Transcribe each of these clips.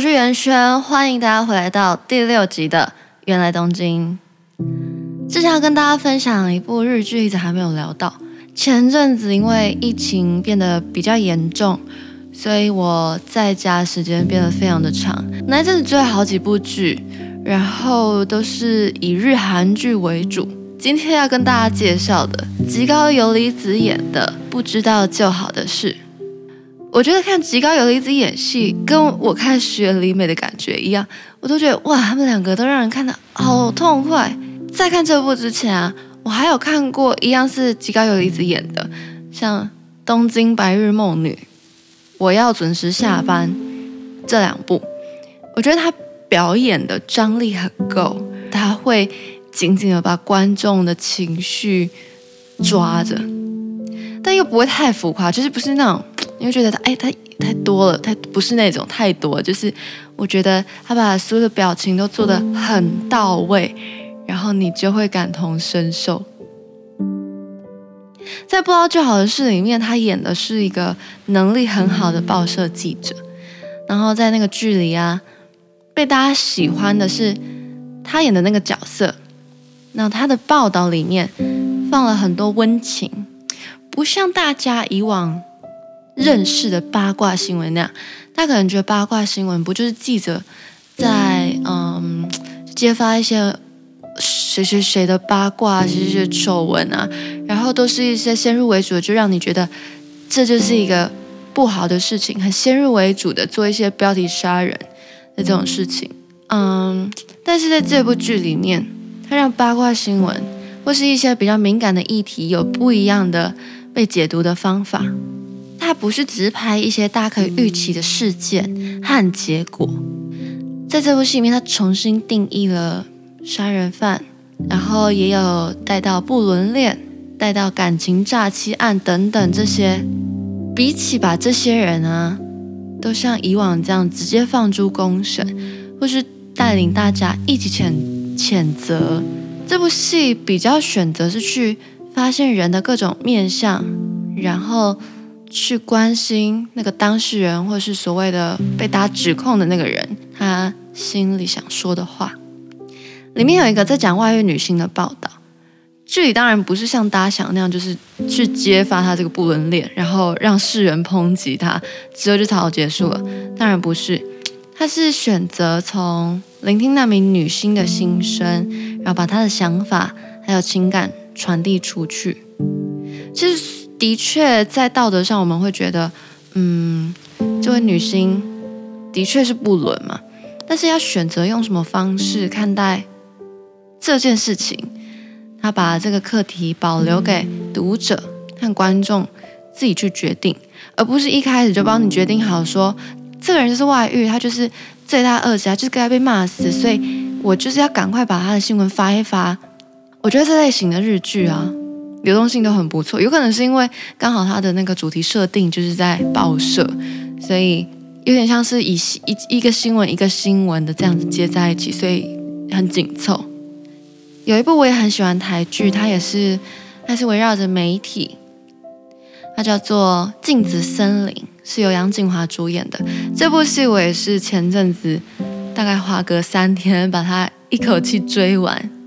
我是袁軒，歡迎大家回來到第六集的《原來東京》。之前要跟大家分享一部日劇，一直還沒有聊到。前陣子因為疫情變得比較嚴重，所以我在家時間變得非常的長。那一陣子追了好幾部劇，然後都是以日韓劇為主。今天要跟大家介紹的，極高遊離子演的《不知道就好的事》。我覺得看吉高由里子演戲，跟我看雪里美的感覺一樣，我都覺得哇，他們兩個都讓人看得好痛快。在看這部之前啊，我還有看過一樣是吉高由里子演的，像《東京白日夢女》、《我要準時下班》這兩部，我覺得他表演的張力很夠，他會緊緊的把觀眾的情緒抓着，但又不會太浮誇，就是不是那種。你就覺得哎、欸，他太多了，他不是那種太多，就是我覺得他把所有的表情都做得很到位，然後你就會感同身受。在《不知道最好的事》裡面，他演的是一個能力很好的報社記者，然後在那個劇裡啊，被大家喜歡的是他演的那個角色，那他的報道裡面放了很多溫情，不像大家以往。認識的八卦新聞那樣，大家可能覺得八卦新聞不就是記者在嗯揭發一些誰誰誰的八卦、這些醜聞啊，然後都是一些先入為主的，就讓你覺得這就是一個不好的事情，很先入為主的做一些標題殺人的這種事情。嗯，但是在這部劇裡面，他讓八卦新聞或是一些比較敏感的議題有不一樣的被解讀的方法。他不是只是拍一些大可預期的事件和結果，在這部戲裡面，他重新定義了殺人犯，然後也有帶到不倫戀、帶到感情詐欺案等等這些。比起把這些人啊，都像以往這樣直接放諸公審，或是帶領大家一起譴譴責，這部戲比較選擇是去發現人的各種面向，然後。去關心那個當事人，或是所謂的被打指控的那個人，他心裡想說的話。裡面有一個在講外遇女星的報道，這裡當然不是像大家想的那樣，就是去揭發他這個不倫戀，然後讓世人抨擊他，之後就草草結束了。當然不是，他是選擇從聆聽那名女星的心聲，然後把她的想法還有情感傳遞出去。其實。的確，在道德上我們會覺得，嗯，這位女星的確是不倫嘛。但是要選擇用什麼方式看待這件事情，她把這個課題保留給讀者和觀眾自己去決定，而不是一開始就幫你決定好說，這個人就是外遇，他就是罪大惡極啊，他就是該被罵死。所以我就是要趕快把他的新聞發一發。我覺得這類型的日劇啊。流動性都很不錯，有可能是因為剛好它的那個主題設定就是在報社，所以有點像是以一一,一個新聞一個新聞的這樣子接在一起，所以很緊湊。有一部我也很喜歡台劇，它也是，它是圍繞着媒體，它叫做《鏡子森林》，是由楊謹華主演的。這部戲我也是前陣子，大概花個三天把它一口氣追完。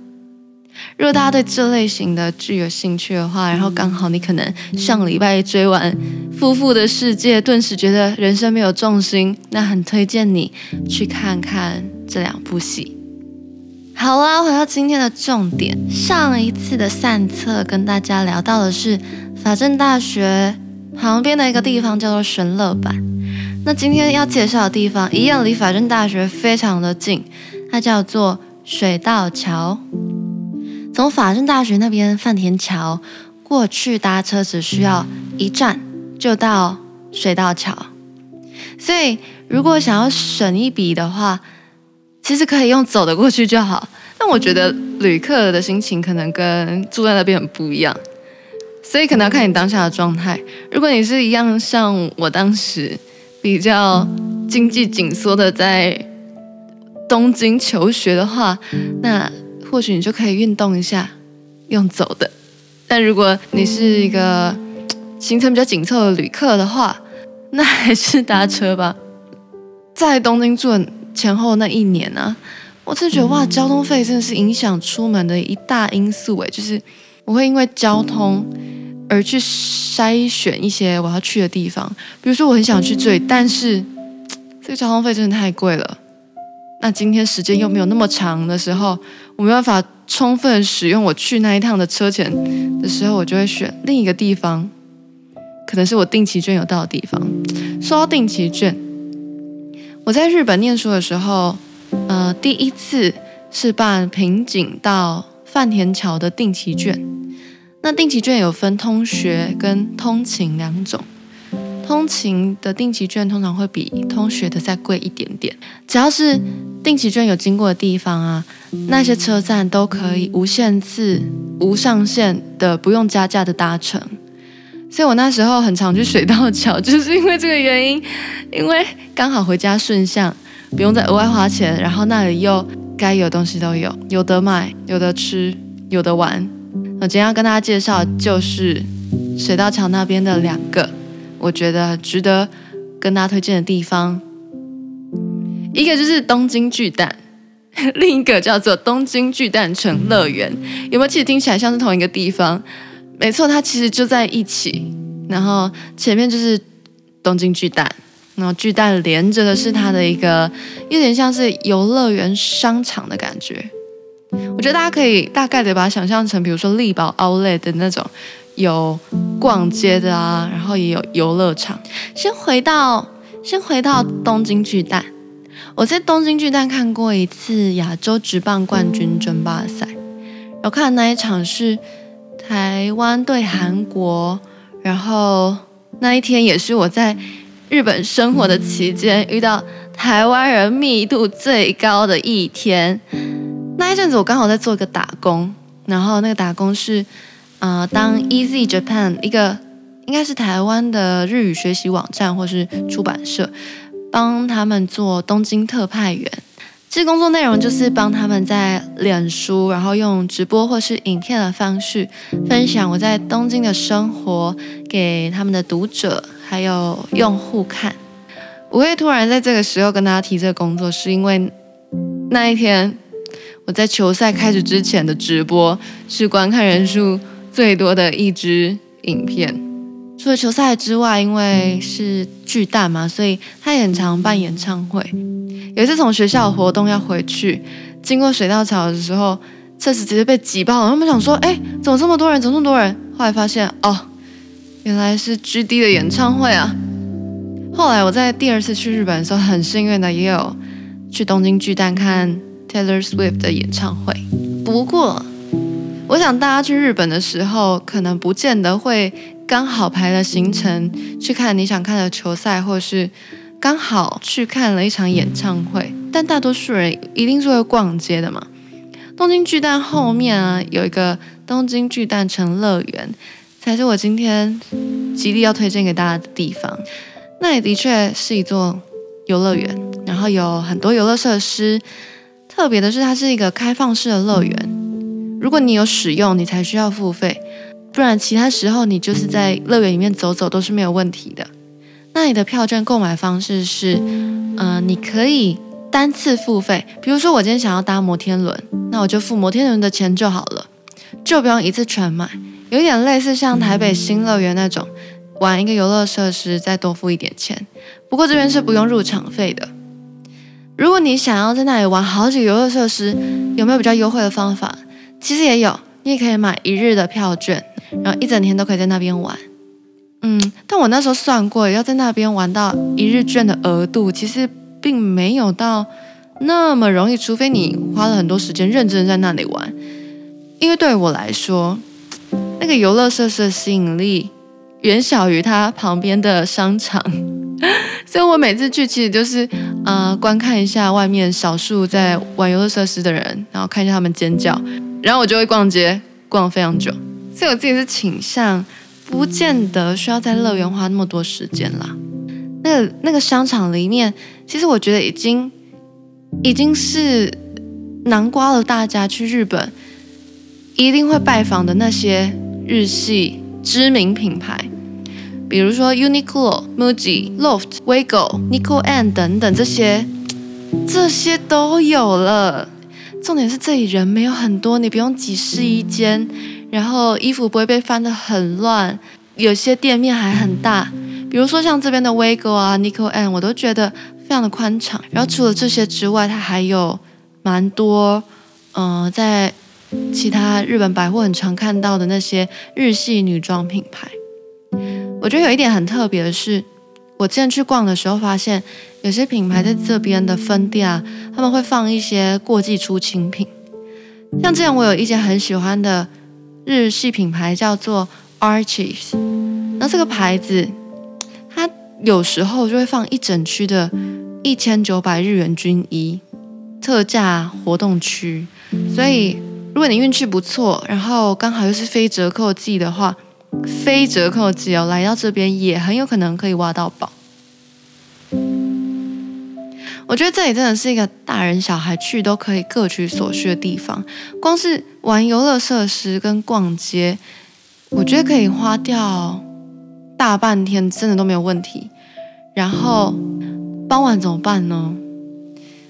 如果大家對這類型的劇有興趣的話，然後剛好你可能上禮拜一追完《夫婦的世界》，頓時覺得人生沒有重心，那很推薦你去看看這兩部戲。好啦，回到今天的重點，上一次的散策跟大家聊到的是法政大學旁邊的一個地方叫做神樂坂，那今天要介紹的地方一樣離法政大學非常的近，它叫做水道橋。從法政大學那邊飯田橋過去搭車，只需要一站就到水道橋。所以如果想要省一筆的話，其實可以用走的過去就好。但我覺得旅客的心情可能跟住在那邊很不一樣，所以可能要看你當下的狀態。如果你是一樣像我當時比較經濟緊縮的在東京求學的話，那，或許你就可以運動一下，用走的；但如果你是一個行程比較緊湊的旅客的話，那還是搭車吧。嗯、在東京住的前後那一年啊，我真覺得哇，交通費真的是影響出門的一大因素哎，就是我會因為交通而去篩選一些我要去的地方，比如說我很想去這，但是這個交通費真的太貴了。那今天時間又沒有那麼長的時候，我沒辦法充分使用我去那一趟的車錢的時候，我就會選另一個地方，可能是我定期券有到的地方。說到定期券，我在日本念書的時候，呃，第一次是辦平井到飯田橋的定期券。那定期券有分通學跟通勤兩種。通勤的定期券通常會比通學的再貴一點點。只要是定期券有經過的地方啊，那些車站都可以無限次、無上限的、不用加價的搭乘。所以我那時候很常去水道橋，就是因為這個原因，因為剛好回家順向，不用再額外花錢。然後那裡又該有的東西都有，有得買，有得吃，有得玩。我今天要跟大家介紹就是水道橋那邊的兩個，我覺得值得跟大家推薦的地方，一個就是東京巨蛋，另一個叫做東京巨蛋城樂園，有沒有？其實聽起來像是同一個地方。沒錯，它其實就在一起。然後前面就是東京巨蛋，然後巨蛋連着的是它的一個有點像是遊樂園商場的感覺。我覺得大家可以大概的把它想象成，比如說力寶奧 u 的那種。有逛街的啊，然後也有遊樂場。先回到，先回到東京巨蛋。我在東京巨蛋看過一次亞洲職棒冠軍爭霸賽，然後看那一場是台灣對韓國。然後那一天也是我在日本生活的期間遇到台灣人密度最高的一天。那一陣子我剛好在做一個打工，然後那個打工是。啊、呃，當 Easy Japan，一個應該是台灣的日語學習網站或是出版社，幫他們做東京特派員。這工作內容就是幫他們在臉書，然後用直播或是影片的方式，分享我在東京的生活給他們的讀者還有用戶看。我會突然在這個時候跟大家提這個工作，是因為那一天我在球賽開始之前的直播是觀看人數。最多的一支影片，除了球賽之外，因為是巨蛋嘛，所以他也很常辦演唱會。有一次從學校的活動要回去，經過水道橋的時候，車子直接被擠爆了。他們想說，哎、欸，怎麼這麼多人，怎麼這麼多人？後來發現，哦，原來是 GD 的演唱會啊。後來我在第二次去日本的時候，很幸運的也有去東京巨蛋看 Taylor Swift 的演唱會，不過。我想大家去日本的時候，可能不見得會剛好排了行程去看你想看的球賽，或是剛好去看了一場演唱會。但大多數人一定是會逛街的嘛。東京巨蛋後面啊，有一個東京巨蛋城樂園，才是我今天極力要推薦給大家的地方。那也的確是一座遊樂園，然後有很多遊樂設施。特別的是，它是一個開放式的樂園。如果你有使用，你才需要付費，不然其他時候你就是在樂園裡面走走都是沒有問題的。那你的票券購買方式是，嗯、呃，你可以單次付費，比如說我今天想要搭摩天輪，那我就付摩天輪的錢就好了，就不用一次全買，有點類似像台北新樂園那種，玩一個遊樂設施再多付一點錢。不過這邊是不用入場費的。如果你想要在那裡玩好幾個遊樂設施，有沒有比較優惠的方法？其實也有，你也可以買一日的票券，然後一整天都可以在那邊玩。嗯，但我那時候算過，要在那邊玩到一日券的額度，其實並沒有到那麼容易，除非你花了很多時間認真在那裡玩。因為對我來說，那個遊樂設施的吸引力遠小於它旁邊的商場，所以我每次去其實就是啊、呃，觀看一下外面少數在玩遊樂設施的人，然後看一下他們尖叫。然後我就會逛街，逛非常久。所以我自己是傾向，不見得需要在樂園花那麼多時間啦。那個那個商場裡面，其實我覺得已經已經是囊括了，大家去日本一定會拜訪的那些日系知名品牌，比如說 Uniqlo、Muji、Loft、WEGO、nico and 等等這些，這些都有了。重點是這裡人沒有很多，你不用擠試衣間，然後衣服不會被翻得很亂，有些店面還很大，比如說像這邊的 WEGO 啊、nico and，我都覺得非常的寬敞。然後除了這些之外，它還有蠻多，嗯、呃，在其他日本百貨很常看到的那些日系女裝品牌。我覺得有一點很特別的是。我之前去逛的時候，發現有些品牌在這邊的分店啊，他們會放一些過季出清品。像這樣，我有一件很喜歡的日系品牌，叫做 archives，那這個牌子它有時候就會放一整區的1900日元均一特價活動區，所以如果你運氣不錯，然後剛好又是非折扣季的話，非折扣機哦，來到這邊也很有可能可以挖到寶。我覺得這裡真的是一個大人小孩去都可以各取所需的地方。光是玩遊樂設施跟逛街，我覺得可以花掉大半天，真的都沒有問題。然後傍晚怎麼辦呢？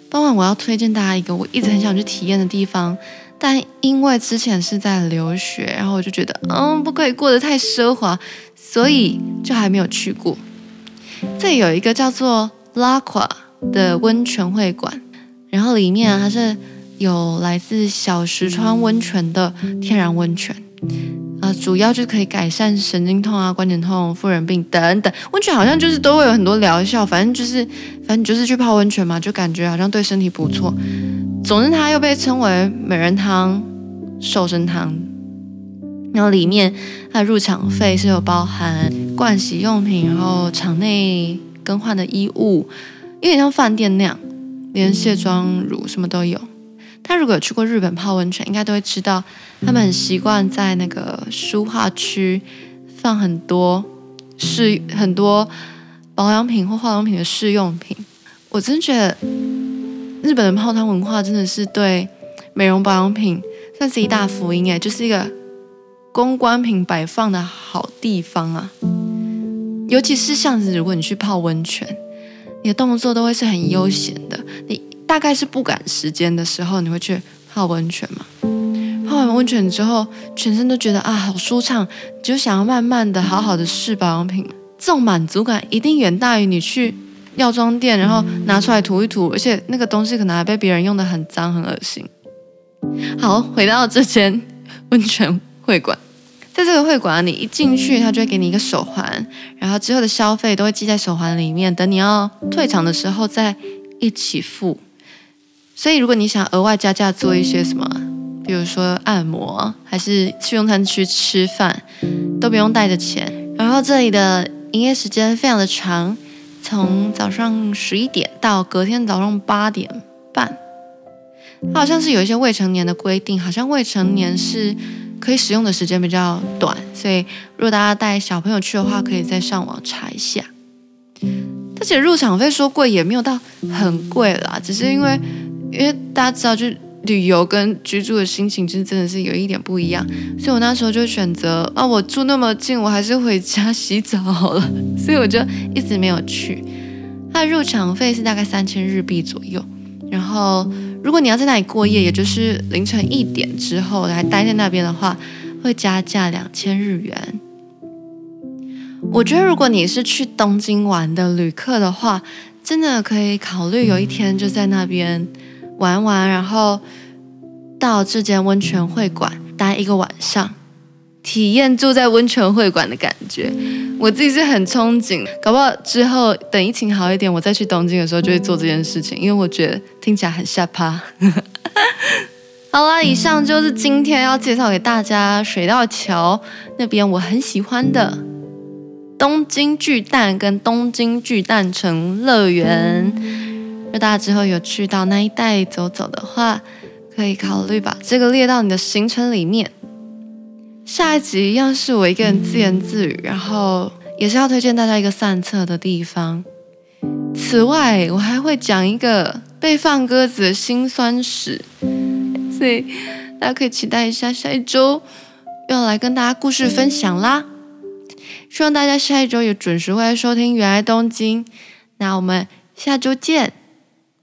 傍晚我要推薦大家一個我一直很想去體驗的地方。但因為之前是在留學，然後我就覺得，嗯，不可以過得太奢華，所以就還沒有去過。這有一個叫做 Laqua 的溫泉會館，然後裡面還、啊、是有來自小石川溫泉的天然溫泉，主要就可以改善神經痛啊、關節痛、婦人病等等。溫泉好像就是都會有很多療效，反正就是，反正就是去泡溫泉嘛，就感覺好像對身體不錯。總之，它又被稱為美人湯、瘦身湯。然後裡面它的入場費是有包含盥洗用品，然後場內更換的衣物，有點像飯店那樣，連卸妝乳什麼都有。他如果有去過日本泡溫泉，應該都會知道，他們很習慣在那個舒化區放很多，是很多保養品或化妝品的試用品。我真的覺得。日本的泡湯文化真的是對美容保養品算是一大福音哎，就是一個公關品擺放的好地方啊。尤其是像是如果你去泡溫泉，你的動作都會是很悠閒的。你大概是不趕時間的時候，你會去泡溫泉嘛。泡完溫泉之後，全身都覺得啊好舒暢，你就想要慢慢的好好的試保養品，這種滿足感一定遠大於你去，藥妝店，然後拿出來塗一塗，而且那個東西可能還被別人用得很髒很噁心。好，回到這間溫泉會館，在這個會館啊，你一進去，它就會給你一個手環，然後之後的消費都會記在手環裡面，等你要退場的時候再一起付。所以如果你想額外加價做一些什麼，比如說按摩，還是去用餐區吃飯，都不用帶着錢。然後這裡的營業時間非常的長。從早上十一點到隔天早上八點半，好像是有一些未成年的規定，好像未成年是可以使用的時間比較短，所以如果大家帶小朋友去的話，可以再上網查一下。而且入場費說貴也沒有到很貴啦，只是因為因為大家知道就。旅遊跟居住的心情就真的是有一點不一樣，所以我那時候就選擇啊，我住那麼近，我還是回家洗澡好了，所以我就一直沒有去。它的入場費是大概三千日幣左右，然後如果你要在那裡過夜，也就是凌晨一點之後還待在那邊的話，會加價兩千日元。我覺得如果你是去東京玩的旅客的話，真的可以考慮有一天就在那邊。玩完，然後到這間溫泉會館待一個晚上，體驗住在溫泉會館的感覺。我自己是很憧憬，搞不好之後等疫情好一點，我再去東京的時候就會做這件事情。因為我覺得聽起來很瞎趴。 好了，以上就是今天要介紹給大家水道橋那邊我很喜歡的東京巨蛋跟東京巨蛋城樂園。如果大家之後有去到那一帶走走的話，可以考慮把這個列到你的行程裡面。下一集要是我一個人自言自語，然後也是要推薦大家一個散策的地方。此外，我還會講一個被放鴿子的辛酸史，所以大家可以期待一下，下一周要來跟大家故事分享啦。希望大家下一周也準時會來收聽《芫來東京》，那我們下周見。